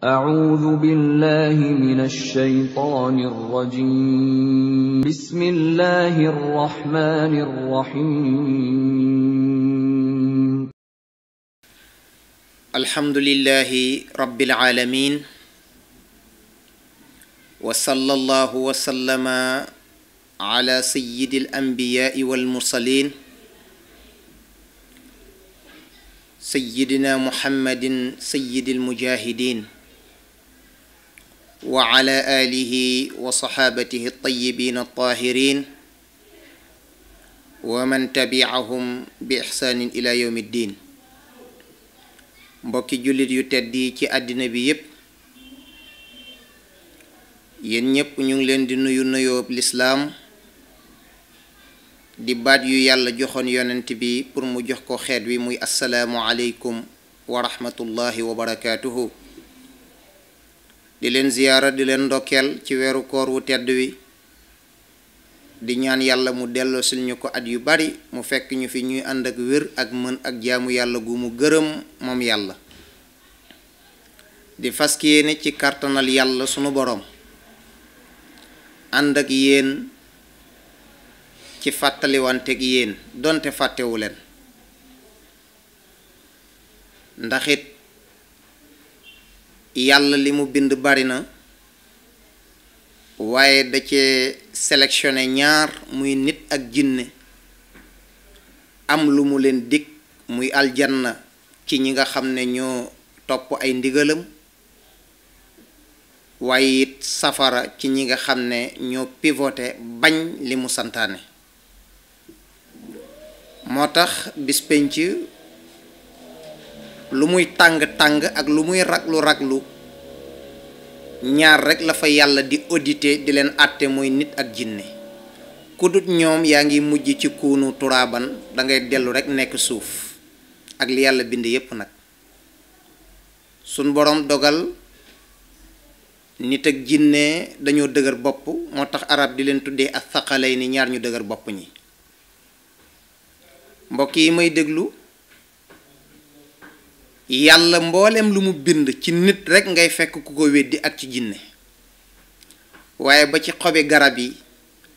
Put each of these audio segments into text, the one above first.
أعوذ بالله من الشيطان الرجيم بسم الله الرحمن الرحيم الحمد لله رب العالمين وصلى الله وسلم على سيد الأنبياء والمرسلين سيدنا محمد سيد المجاهدين wa ala alihi wa saxaabatihi altahirin wa man tabiahum bi ila yowm ddin mbokki jullit yu tedd yi ci àddina bi yépp yéen ñépp ñu ngi leen di nuyu nuyoob lislaam di baat yu yàlla joxoon yonent bi pour mu jox ko xeet wi muy assalaamu aleykum wa rahmatullahi wa barakaatuhu di leen ziyaara di leen ndokkeel ci weeru koor wu tedd wi di ñaan yàlla mu delloo ñu ko at yu bari mu fekk ñu fi ñuy ànd ak wér ak mën ak jaamu yàlla gu mu gërëm moom yàlla di fas yéene ci kàttanal yàlla sunu boroom ànd ak yéen ci fàttaliwanteeg yéen donte fàttewu leen ndax yàlla li mu bind bari na waaye da cee sélectionné ñaar muy nit ak jinne am lu mu leen dig muy aljanna ci ñi nga xam ne ñoo topp ay ndigalam waaye it safara ci ñi nga xam ne ñoo pivoté bañ li mu santaane moo tax bis lu muy tàng-tàng ak lu muy raglu-raglu ñaar rekk la fa yàlla di auditer di leen àtte mooy nit ak jinne ku ñoom yaa ngi mujj ci kuunu turaaban dangay dellu rekk nekk suuf ak li yàlla bind yépp nag suñ boroom dogal nit ak jinne dañoo dëgër bopp moo tax arab di leen tuddee ak saqalay ni ñaar ñu dëgër bopp ñi mbokk yi may déglu yàlla mboolem lu mu bind ci nit rekk ngay fekk ku ko weddi ak ci jinne waaye ba ci xobi garab yi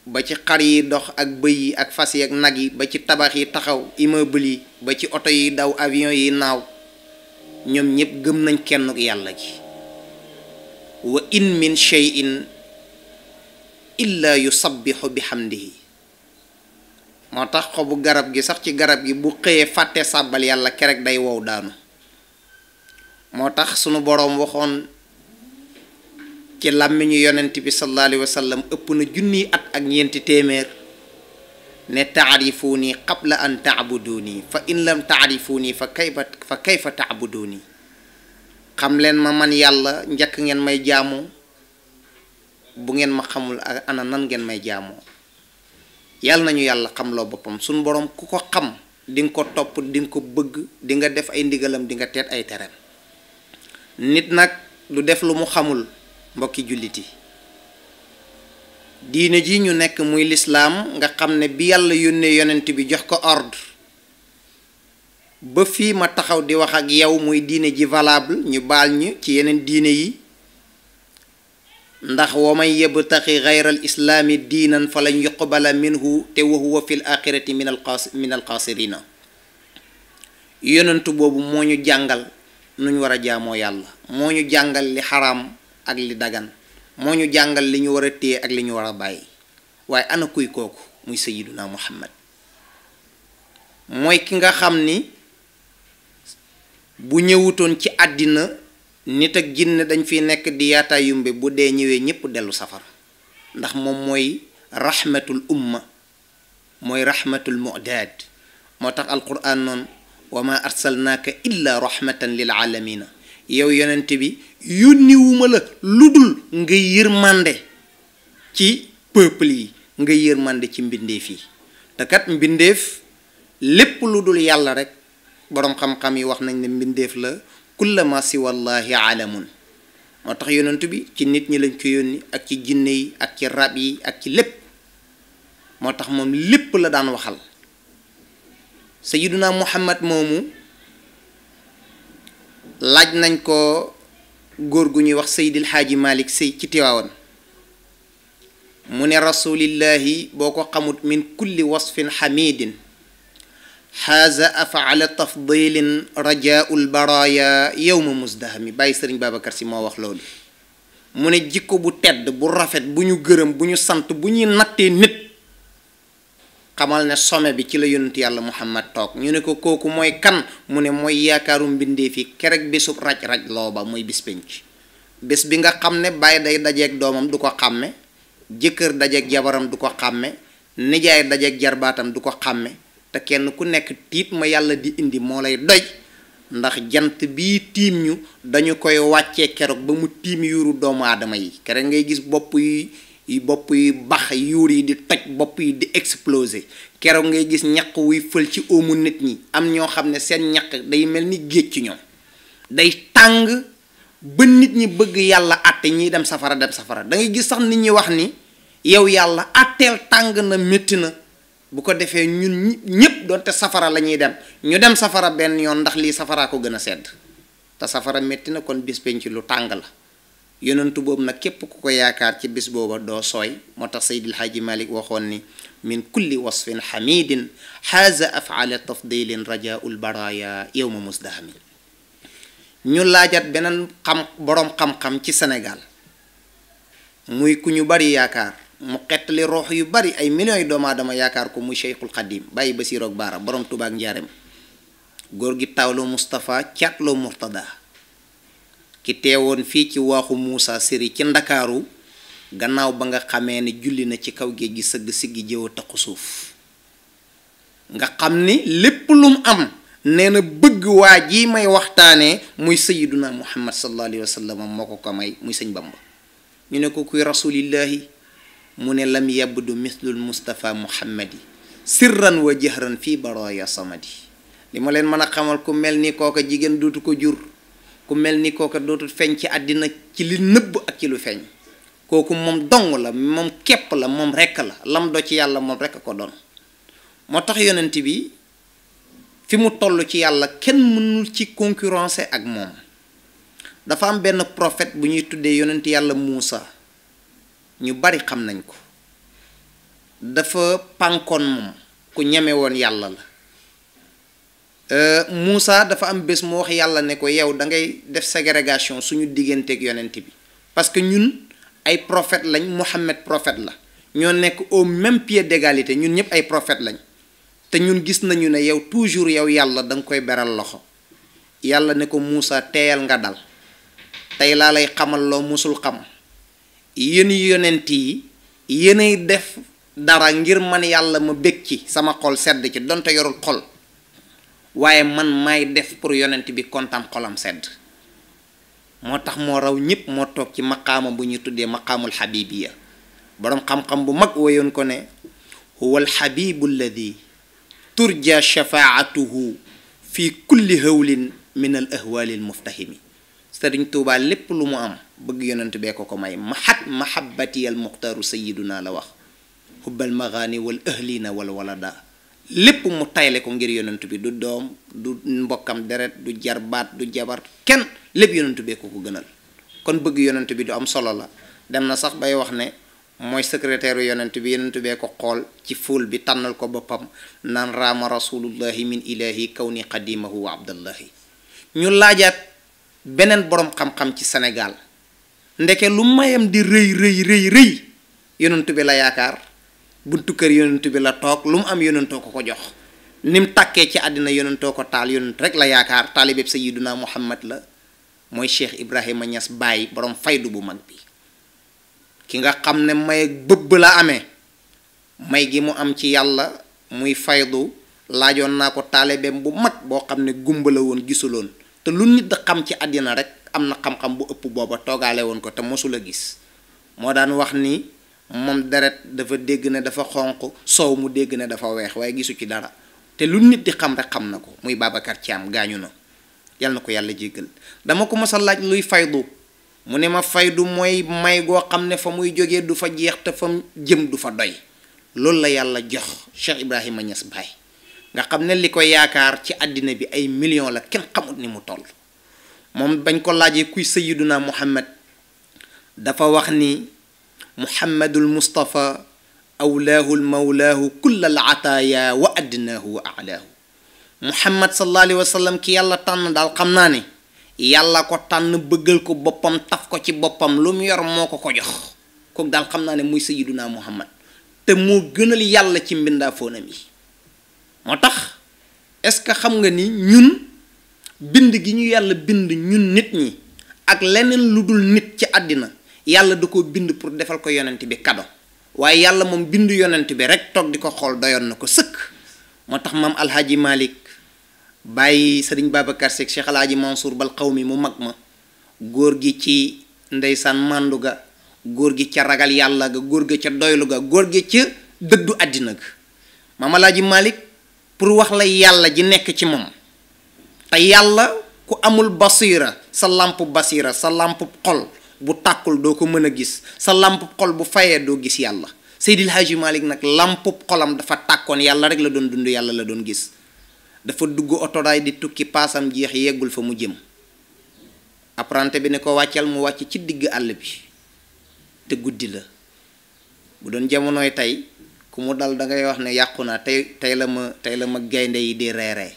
ba ci xar yi dox ak bëy yi ak fas yi ak nag yi ba ci tabax yi taxaw immeuble yi ba ci oto yi daw avion yi naaw ñoom ñépp gëm nañ kenn yàlla gi wa in min shay'in illa yusabbihu moo tax xobu garab gi sax ci garab gi bu xëyee fàtte sàbbal yàlla kerek day wow daanu moo tax sunu boroom waxoon ci làmmiñu yonent bi sallallahu alayhi ëpp na junniy at ak ñeenti téeméer ne taarifuuni qabla an taabuduuni fa in lam taarifuuni fa kayfa fa kayfa taabuduuni xam leen ma man yàlla njëkk ngeen may jaamoo bu ngeen ma xamul ak ana nan ngeen may jaamoo yàlla nañu yàlla xam loo boppam sunu boroom ku ko xam di nga ko topp di ko bëgg di nga def ay ndigalam di nga teet ay tereem nit nag du def lu mu xamul mbokki julliti diine ji ñu nekk muy lislaam nga xam ne bi yàlla yónnee yonent bi jox ko ordre ba fii ma taxaw di wax ak yow muy diine ji valable ñu baal ñu ci yeneen diine yi ndax wa man yabtaxi gayra al islaami diinan fa lan yuqbala minhu te wa huwa fi l axirati min boobu moo ñu jàngal nuñ war a jaamoo yàlla moo ñu jàngal li xaram ak li dagan moo ñu jàngal li ñu war a téye ak li ñu war a bàyyi waaye ana kuy kooku muy sayiduna muhammad mooy ki nga xam ni bu ñëwutoon ci àddina nit ak jinne dañ fi nekk di yaata yumbe bu dee ñëwee ñépp dellu safara ndax moom mooy rahmatul umma mooy rahmatul mu'daad moo tax alquran noonu wa ma arsalnaaka illa rahmatan lil aalamiina yow yonent bi yónniwuma la lu dul nga yërmande ci peuple yi nga yërmande ci mbindeef yi te kat mbindeef lépp lu dul yàlla rek boroom xam-xam yi wax nañ ne mbindeef la kullama siwallaahi aalamun moo tax yonent bi ci nit ñi lañ ko yónni ak ci jinne yi ak ci rab yi ak ci lépp moo tax moom lépp la daan waxal sayiduna muhammad moomu laaj nañ ko góor gu ñuy wax seydil xaaji malik sëy ci tiwaawan mu ne rasulillahi boo ko xamut min kulli wasfin xamidin xaaza afaala tafdilin rajaul baraya yowma musdahami bàyyi sëriñ babacar si moo wax loolu mu ne jikko bu tedd bu rafet bu ñu gërëm bu ñu sant bu ñuy nattee nit xamal ne sommet bi ci la yonent yàlla muhammad toog ñu ne ko kooku mooy kan mu ne mooy yaakaaru mbindeef yi kerek bisub raj-raj loo ba mooy bis pénc bés bi nga xam ne bàyyi day dajeeg doomam du ko xàmme jëkkër dajeeg jabaram du ko xàmme nijaay dajeeg jarbaatam du ko xàmme te kenn ku nekk tiit ma yàlla di indi moo lay doy ndax jant bi tiim ñu dañu koy wàccee keroog ba mu tiim yuuru doomu aadama yi kere ngay gis bopp yi bopp yi bax yuur yi di toj bopp yi di explosé keroog ngay gis ñaq wuy fël ci óomu nit ñi am ñoo xam ne seen ñaq day mel ni géej ci ñoom day tàng ba nit ñi bëgg yàlla àtte ñiy dem safara dem safara dangay gis sax nit ñi wax ni yow yàlla àtteel tàng na métti na bu ko defee ñun ñëpp doonte safara la dem ñu dem safara benn yoon ndax lii safara ko gën a sedd te safara métti na kon bis lu tàng la yonentu boobu nag képp ku ko yaakaar ci bis booba doo sooy moo tax seydil xaaji malik waxoon ni min kulli wasfin xamidin xaaza afaala tafdilin rajaul baraya yowma musdahami ñu laajat beneen xam boroom xam-xam ci Sénégal muy ku ñu bari yaakaar mu xettali roox yu bari ay millions yu doomu dama yaakaar ko mu Cheikhul Xadim bàyyi Basiiroog Baara boroom Tuubaa Njaareem góor gi tawloo Moustapha caatloo Murtada ki teewoon fii ci waaxu Moussa Siri ci ndakaaru gannaaw ba nga xamee ne julli na ci kaw géej gi sëgg siggi jëw suuf nga xam ni lépp lum am nee na bëgg waa ji may waxtaane muy sayiduna muhammad sallallahu alayhi moo ko ko may muy sëñ bamba ñu ne ko kuy rasulillahi mu ne lam yabdu mislul mustafa muhammadi sirran wa jahran fii baraya samadi li ma leen mën a xamal ku mel ni kooka jigéen duutu ko jur ku mel ni kooka dootul feeñ ci àddina ci li nëbb ak ci lu feeñ kooku moom dong la moom képp la moom rekk la lam do ci yàlla moom rekk ko doon moo tax yonent bi fi mu toll ci yàlla kenn mënul ci concurrencer ak moom dafa am benn prophète bu ñuy tuddee yonent yàlla Muusa ñu bari xam nañ ko dafa pànkoon moom ku ñeme yàlla la Euh, Moussa dafa am bés mu wax yàlla ne ko yow da ngay def ségrégation suñu digganteeg yonent bi parce que ñun ay profet lañ Mouhamed prophète la ñoo nekk au même pied d'égalité ñun ñëpp ay prophète lañ te ñun gis nañu ne yow toujours yow yàlla da nga koy beral loxo yàlla ne ko Moussa teyal nga dal tey laa lay xamal loo musul xam yéen yonent yi yéenay def dara ngir man yàlla ma bég ci sama xol sedd ci donte yorul xol waaye man maay def pour yonent bi kontaan xolam sedd moo tax moo raw ñëpp moo toog ci maqaama bu ñu tuddee maqaamul xabibiya boroom xam-xam bu mag woyoon ko ne huwa alxabibu alladi turja shafaatuhu fi kulli hawlin min al ahwaali almuftahimi sëriñ tuubaa lépp lu mu am bëgg yonent bee ko ko may mahat mahabbati al muxtaaru sayiduna la wax hubbal magaani wal ahlina wal walada lépp mu tayle ko ngir yonent bi du doom du mbokkam deret du jarbaat du jabar kenn lépp yonent bee ko ko gënal kon bëgg yonent bi du am solo la dem na sax bay wax ne mooy secrétaire yonent bi yonent bee ko xool ci fóol bi tànnal ko boppam naan raama rasulullahi min ilahi kaw ni xadimahu wa abdallahi ñu laajaat beneen boroom xam-xam ci Sénégal ndeke lu mayam di rëy rëy rëy rëy bi la yaakaar buntu kër yonent bi la toog lu mu am yonentoo ko ko jox ni mu takkee ci àddina yonentoo ko taal yonent rek la yaakaar sa taalibeeb sayyiduna muhammad la mooy cheikh ibrahima ñas bàyyi borom faydu bu mag bi ki nga xam ne may bëbb la amee may gi mu am ci yàlla muy faydu laajoon naa ko taalibeem bu mag boo xam ne gumba la woon gisuloon te lu nit xam ci àddina rek am na xam-xam bu ëpp booba toogaale woon ko te mosula gis moo daan wax nii moom deret dafa dégg ne dafa xonq soow mu dégg ne dafa weex waaye gisu ci dara te lu nit di xam rek xam na ko muy Babacar Thiam gaañu na yal na ko yàlla jéggal dama ko mos a laaj luy faydu mu ne ma faydu mooy may goo xam ne fa muy jóge du fa jeex te fa jëm du fa doy loolu la yàlla jox Cheikh Ibrahima Niass Baye nga xam ne li ko yaakaar ci àddina bi ay millions la kenn xamut ni mu toll moom bañ ko laajee kuy Sayyiduna Muhammad dafa wax ni muhammadul mustafa awlaahu lmawlaahu kulla al ataaya wa adnaahu wa alaahu muhammad sallallahu alayhi wa ki yàlla tànn daal xam naa ni yàlla ko tànn bëggal ko boppam taf ko ci boppam lu mu yor moo ko ko jox kooku daal xam naa ne muy sayiduna muhammad te moo gënal yàlla ci mbindaa foonam yi moo tax est-ce que xam nga ni ñun bind gi ñu yàlla bind ñun nit ñi ak leneen lu dul nit ci àddina yàlla du ko bind pour defal ko yonent bi kado waaye yàlla moom bind yonent bi rek toog di ko xool doyoon na ko sëkk moo tax maam alxaaji malik bàyyi sëriñ babacar seeg cheikh alhaaji mansour bal xaw mi mu mag ma góor gi ci ndeysaan màndu ga góor gi ca ragal yàlla ga góor gi ca doylu ga góor gi ca dëddu àddina ga maam alhaaji malik pour wax la yàlla ji nekk ci moom te yàlla ku amul basira sa làmp basiira sa làmpu xol bu tàkkul doo ko mën a gis sa làmp xol bu fayee doo gis yàlla Seydil Hadji Malick nag làmp xolam dafa tàkkoon yàlla rek la doon dund yàlla la doon gis dafa dugg otoraay di tukki paasam jeex yeggul fa mu jëm apprenti bi ne ko wàccal mu wàcc ci digg àll bi te guddi la bu doon jamonoy tey ku mu dal da ngay wax ne yàqu naa tey tey la ma tey la ma gaynde yi di reere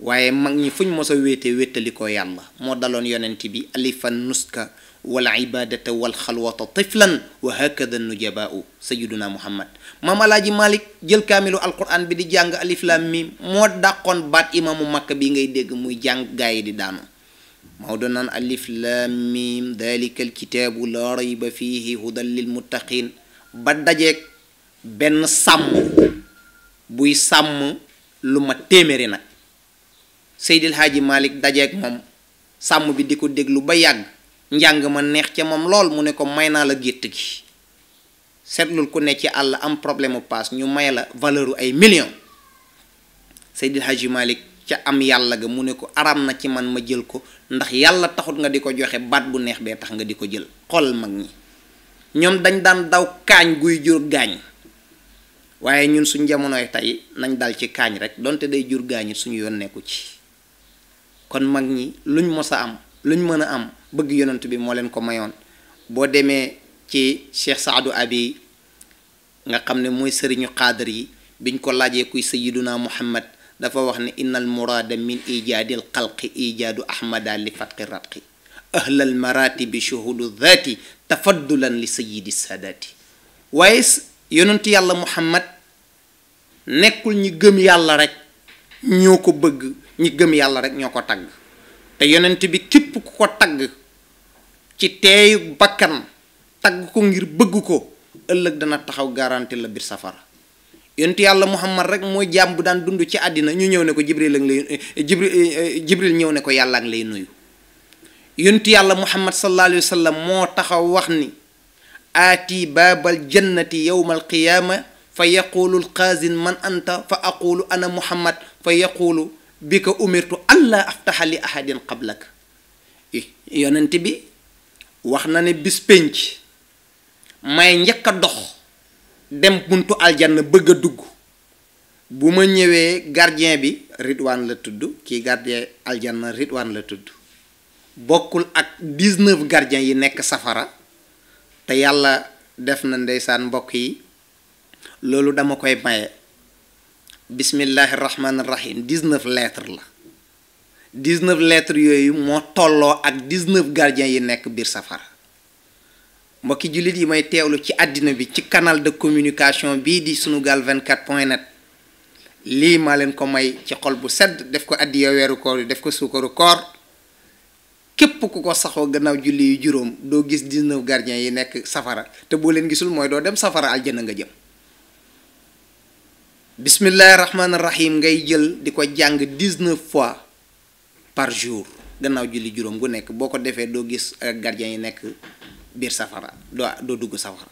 waaye mag ñi fuñ mos a wéete wéttali ko yàlla moo daloon yonent bi alifan nuska wal ibadata wal xalwata tiflan wa hakada nujabaau sayiduna muhammad maam alaaji malik jël kaamilu alquran bi di jàng alif lam mim moo dàqoon baat imaamu makka bi ngay dégg muy jàng gaa di daanu Maodo naan alif lam mim dalika la rayba fihi hudan lil muttaqin ba dajeeg benn sàmm buy sàmm lu ma téeméeri nag Seydil Haaji Malick dajeeg moom sàmm bi di ko déglu ba yàgg njàng ma neex ca moom lool mu ne ko may naa la gétt gi seetlul ku ne ci àll am problème mu paas ñu may la valeuru ay millions Seydil Haaji Malick ca am yàlla ga mu ne ko aram na ci man ma jël ko ndax yàlla taxut nga di ko joxe baat bu neex bee tax nga di ko jël xool mag ñi ñoom dañ daan daw kaañ guy jur gaañ waaye ñun suñ jamonoy tey nañ dal ci kaañ rek donte day jur gaañit suñu yoon nekku ci kon mag ñi luñ mos a am luñ mën a am bëgg yonent bi moo leen ko mayoon boo demee ci Cheikh Saadu Abi nga xam ne mooy sëriñu xaadar yi biñ ko laajee kuy sayiduna muhammad dafa wax ne innal muraada min ijaadil xalqi ijaadu ahmada li fatqi ratqi ahlal maratibi shuhudu dhati tafaddulan li sayidi saadaati waaye yonent yàlla muhammad nekkul ñi gëm yàlla rek ñoo ko bëgg ñi gëm yàlla rek ñoo ko tagg te yonent bi képp ku ko tagg ci teeyu bakkan tagg ko ngir bëgg ko ëllëg dana taxaw garanti la biir safara yonent yàlla muhammad rek mooy jaam bu daan dund ci àddina ñu ñëw ne ko jibril ak lay eh, eh, jibril eh, jibril ñëw ne ko yàllaa lay nuyu yonent yàlla muhammad sallallahu alayhi wa moo taxaw wax ni aati baabal jannati yowma alqiyaama fa yaqulu alqaasin man anta fa aqulu ana muhammad fa yaqulu bi ko umirtu allah aftaxa li ahadin qablak eh, yonent bi wax na ne bis may njëkk a dox dem buntu aljanna bëgg a dugg bu ma ñëwee gardien bi ridwaan la tudd ki gardien aljanna ritwaan la tudd bokkul ak 19 gardien yi nekk safara te yàlla def na ndeysaan mbokk yi loolu dama koy maye bismillahi rahmaani rahim 19 lettres la 19 lettres yooyu moo tolloo ak 19 gardiens yi nekk biir safara mbokki jullit yi may teewlu ci àddina bi ci canal de communication bii di vingt 24 point net lii ma leen ko may ci xol bu sedd def ko addiya weeru koor yi def ko suukaru koor képp ku ko saxoo gannaaw julli yu juróom doo gis 19 gardiens yi nekk safara te boo leen gisul mooy doo dem safara aljana nga jëm bismillahi rahmaani rahim ngay jël di ko jàng dix-neuf fois par jour gannaaw julli juróom gu nekk boo ko defee doo gis euh, gardien yi nekk biir safara doo dugg safara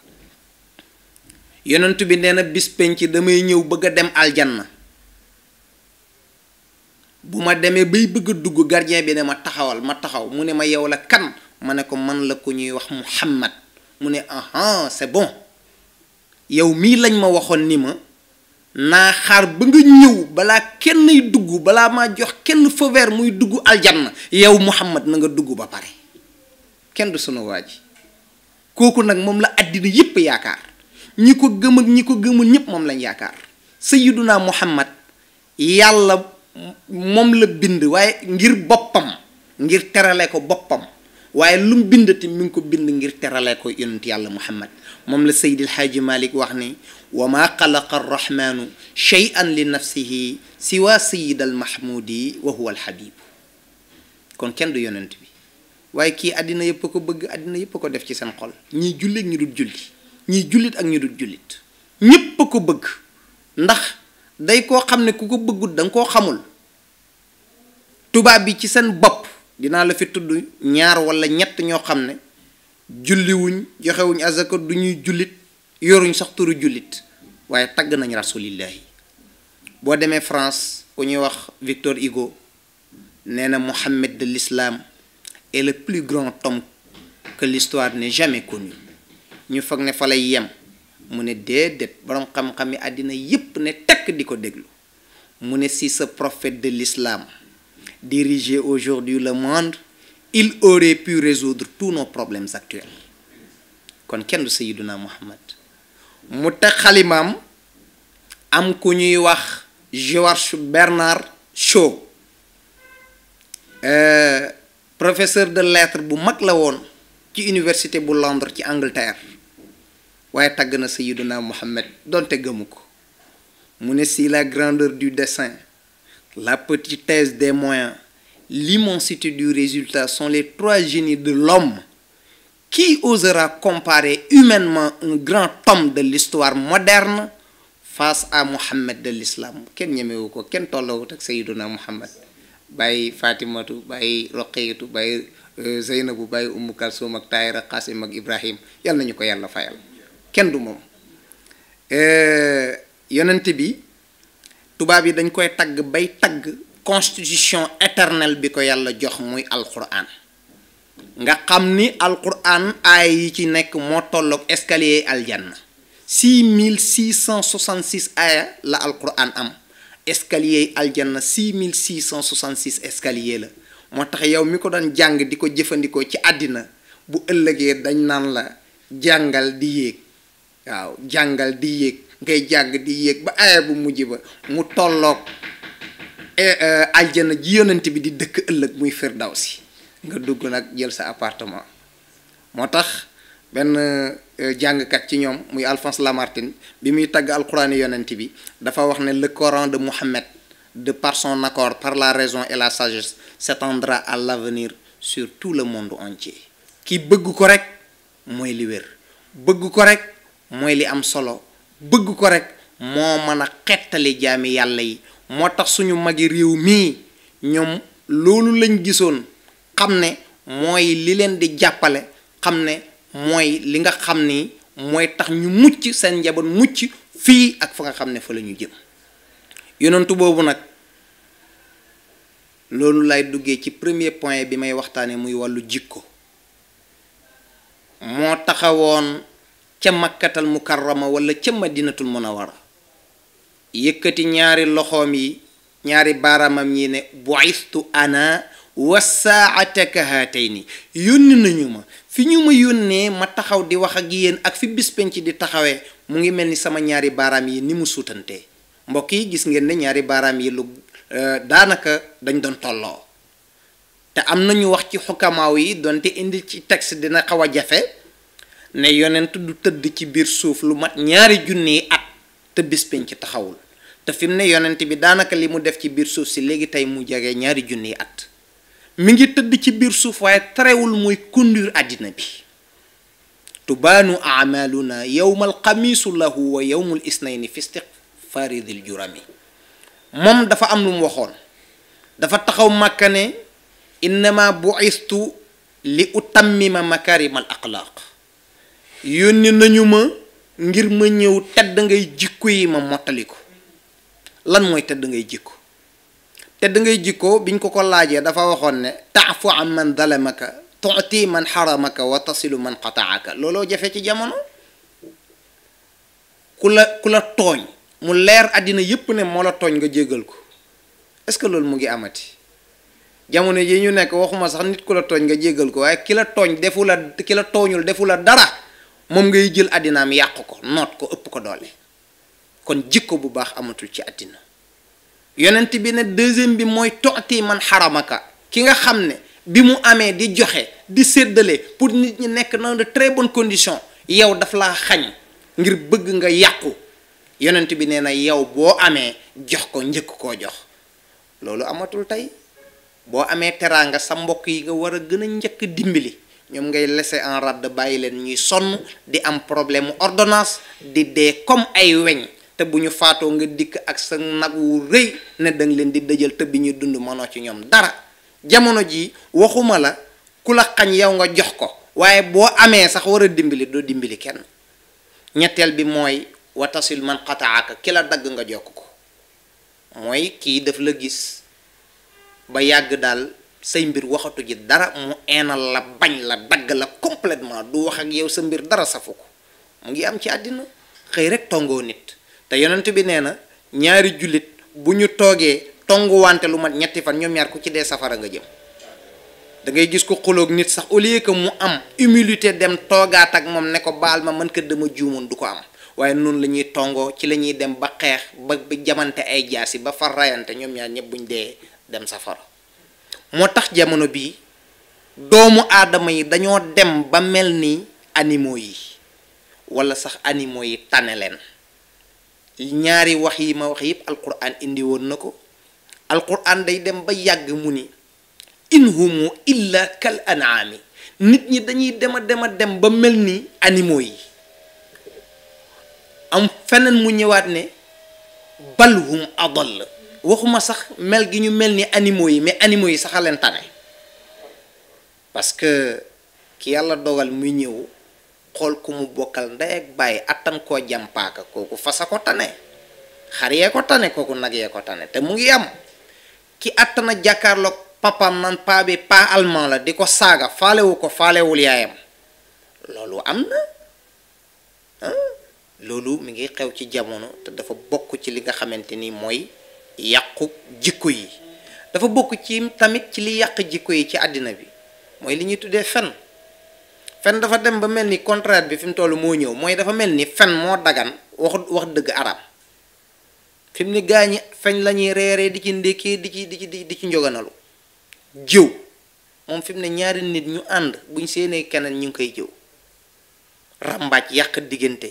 yonent bi nee na bis penc damay ñëw bëgg a dem aljanna bu ma demee bay bëgg dugg gardien bi ne ma taxawal ma taxaw mu ne ma yow la kan ma ne ko man la ko ñuy wax Muhammad mu ne aha c'est bon yow mii lañ ma waxoon ni ma naa xaar ba nga ñëw balaa kennay dugg balaa maa jox kenn feu vert muy dugg aljanna yow Muhammad na nga dugg ba pare kenn du sunu waa ji kooku nag moom la àddina yépp yaakaar ñi ko gëm ñi ko gëmul ñépp moom lañ yaakaar sayyiduna Muhammad yàlla moom la bind waaye ngir boppam ngir terale ko boppam waaye lu mu bindati mi ngi ko bind ngir terale ko yonent yàlla muhammad moom la seydil xaaji malik wax ni wa maa xalaqa arrahmanu cheyan li nafsihi siwa sayid almahmudi wa huwa alxabibu kon kenn du yonent bi waaye kii àddina yëpp a ko bëgg àddina yëpp a ko def ci seen xol ñii jullit ñu dul julli ñii jullit ak ñu dul jullit ñépp a ko bëgg ndax day koo xam ne ku ko bëggut danga koo xamul tubaab bi ci seen bopp dinaa la fi tudd ñaar walla ñett ñoo xam ne julliwuñ joxewuñ azaka duñuy ñuy jullit yoruñ sax turu jullit waaye tagg nañ rasulillahi boo demee France ku ñuy wax Victor Hugo nee na Mohammed de l'islam et le plus grand homme que l'histoire n'ait jamais connu ñu foog ne fa lay yem mu ne déedéet boroom xam-xam yi àddina yépp ne tekk di ko déglu mu ne si sa profet de l'islam diriger aujourd'hui le monde il aurait pu résoudre tous nos problèmes actuels kon kenn du Sayyiduna Muhammad mu teg xalimaam am ku ñuy wax George Bernard Shaw euh, professeur de lettres bu mag la woon ci université bu Londres ci Angleterre waaye tàgg na Sayyiduna Muhammad donte gëmu ko mu ne si la grandeur du dessein la petitesse des moyens, l'immensité du résultat sont les trois génies de l'homme. Qui osera comparer humainement un grand homme de l'histoire moderne face à Mohammed de l'islam kenn ñemewu ko kenn tollawut ak Sayyiduna Mohammed bàyyi Fatimatu bàyyi Roqiyatu bàyyi euh, Zeynabu bàyyi Umu Kalsum ak Taayira Qasim ak Ibrahim yal nañu ko yàlla fayal kenn du moom euh, yonent bi tubaab yi dañ koy tagg bay tagg constitution éternelle bi ko yàlla jox muy alquran nga xam ni alquran aay yi ci nekk moo tolloog escalier aljanna 6666 aaya la alquran am escalier aljanna 6666 escalier la moo tax yow mi ko doon jàng di ko jëfandikoo ci àddina bu ëllëgee dañ naan la jàngal di yéeg waaw jàngal di yéeg ngay jàng di yéeg ba aaya bu mujj ba mu tollook e, e, aljana ji yonent bi di dëkk ëllëg muy fir si nga dugg nag jël sa appartement moo tax benn e, jàngkat ci ñoom muy Alphonse Lamartine bi muy tagg alquraan yonent bi dafa wax ne le Coran de Mohammed de par son accord par la raison et la sagesse s'étendra à l'avenir sur tout le monde entier ki bëgg ko rek mooy li wér bëgg ko rek mooy li am solo bëgg ko rek moo mën a xettali jaami yàlla yi moo tax suñu magi réew mii ñoom loolu lañ gisoon xam ne mooy li leen di jàppale xam ne mooy li nga xam ni mooy tax ñu mucc seen njaboot mucc fii ak fa nga xam ne fa la jëm yonentu boobu nag loolu lay duggee ci premier point bi may waxtaane muy wàllu jikko moo taxawoon ca makkatal mukarrama wala ca a munawara yëkkati ñaari loxoom yi ñaari baaraamam yi ne buistu ana wasaata ka haatayni yónni nañu ma fi ñu ma yónnee ma taxaw di wax ak yéen ak fi bis penc di taxawee mu ngi mel ni sama ñaari baaraam yi ni mu suutante mbokk yi gis ngeen ne ñaari baaraam yi lu euh, daanaka dañ doon tolloo te am nañu wax ci xukamaaw yi donte indi ci texte dina xaw a jafe ne yonent du tëdd ci biir suuf lu mat ñaari junni yi at te bis ci taxawul te fi mu ne yonent bi daanaka li mu def ci biir suuf si léegi tey mu jege ñaari junni yi at mi ngi tëdd ci biir suuf waaye terewul muy conduire àddina bi tubaanu amaluna yowmal xamiisu lahu wa yowmul isnayni fi istighfaari dil jurami moom dafa am lum waxoon dafa taxaw màkka ne innama buistu li utammima makaarimal axlaaq yónni nañu ma ngir ma ñëw tedd ngay jikku yi ma mottali ko lan mooy tedd ngay jikko tedd ngay jikko biñ ko ko laajee dafa waxoon ne taafu an man dalamaka tuuti man xaramaka wa tasilu man qataaka looloo jafe ci jamono ku la ku la tooñ mu leer àddina yépp ne moo la tooñ nga jéggal ko est-ce loolu mu ngi amati jamono yi ñu nekk waxuma sax nit ku la tooñ nga jéggal ko waaye ki la tooñ defu la ki la tooñul defu la dara moom ngay jël àddinaam yàqu ko noot ko ëpp ko doole kon jikko bu baax amatul ci àddina yonent bi ne deuxième bi mooy tooti man xaramaka ki nga xam ne bi mu amee di joxe di séddale pour nit ñi nekk na de très condition conditions yow daf laa xañ ngir bëgg nga yàqu yonent bi nee na yow boo amee jox ko njëkk koo jox loolu amatul tey boo amee teraanga sa mbokk yi nga war a gën a njëkk dimbali ñoom ngay laisser en rad bàyyi leen ñuy sonn di am problème ordonnance di dee comme ay weñ te bu ñu faatoo nga dikk ak sa nag wu rëy ne danga leen di dëjal te bi ñuy dund mënoo ci ñoom dara jamono ji waxuma la ku la xañ yow nga jox ko waaye boo amee sax war a dimbali doo dimbali kenn ñetteel bi mooy watasil man xataaka ki la dagg nga jokk ko mooy kii daf la gis ba yàgg daal say mbir waxatu ji dara mu eenal la bañ la dagg la completement du wax ak yow sa mbir dara safu ko mu ngi am ci àddina xëy rek tongoo nit te yonent bi nee na ñaari jullit bu ñu toogee tonguwante lu mat ñetti fan ñoom ñaar ku ci dee safara nga jëm da ngay gis ko xuloog nit sax au lieu que mu am humilité dem toogaat ak moom ne ko baal ma man ko dama juumoon du ko am waaye noonu la ñuy tongoo ci la ñuy dem ba xeex ba jamante ay jaasi ba far rayante ñoom ñaar ñëpp buñ dee dem safara moo tax jamono bii doomu aadama yi dañoo dem ba mel ni animaux yi wala sax animo yi tane leen ñaari wax yi ma wax yépp alquran indi woon na ko alquran day dem ba yàgg mu ni inhumu illa kal anaami nit ñi dañuy dema dema dem ba mel ni animo yi am feneen mu ñëwaat ne balhum adall waxuma sax mel gi ñu mel ni animaux yi mais animaux yi sax a leen tane parce que ki yàlla dogal muy ñëw xool ku mu bokkal ndey ak bàyyi attan koo jam paaka kooku fas a ko tane xar yee ko tane kooku nag yee ko tane te mu ngi am ki attana jàkkaarloog papam nan paa bi paa allemand la di ko saaga faalewu ko faalewul yaayam loolu am na ah, loolu mu ngi xew ci jamono te dafa bokk ci li nga xamante ni mooy yàqu jikko yi dafa bokk ci tamit ci li yàq jikko yi ci àddina bi mooy li ñuy tuddee fen fen dafa dem ba mel ni contraire bi fi mu toll moo ñëw mooy dafa mel ni fen moo dagan wax wax dëgg arab fi mu ni gaañi fen la ñuy reeree di ci ndékkee di ci di ci di ci njoganalu jëw moom fi mu ne ñaari nit ñu ànd buñ seenee keneen ñu ngi koy jëw ràmbaaj yàq diggante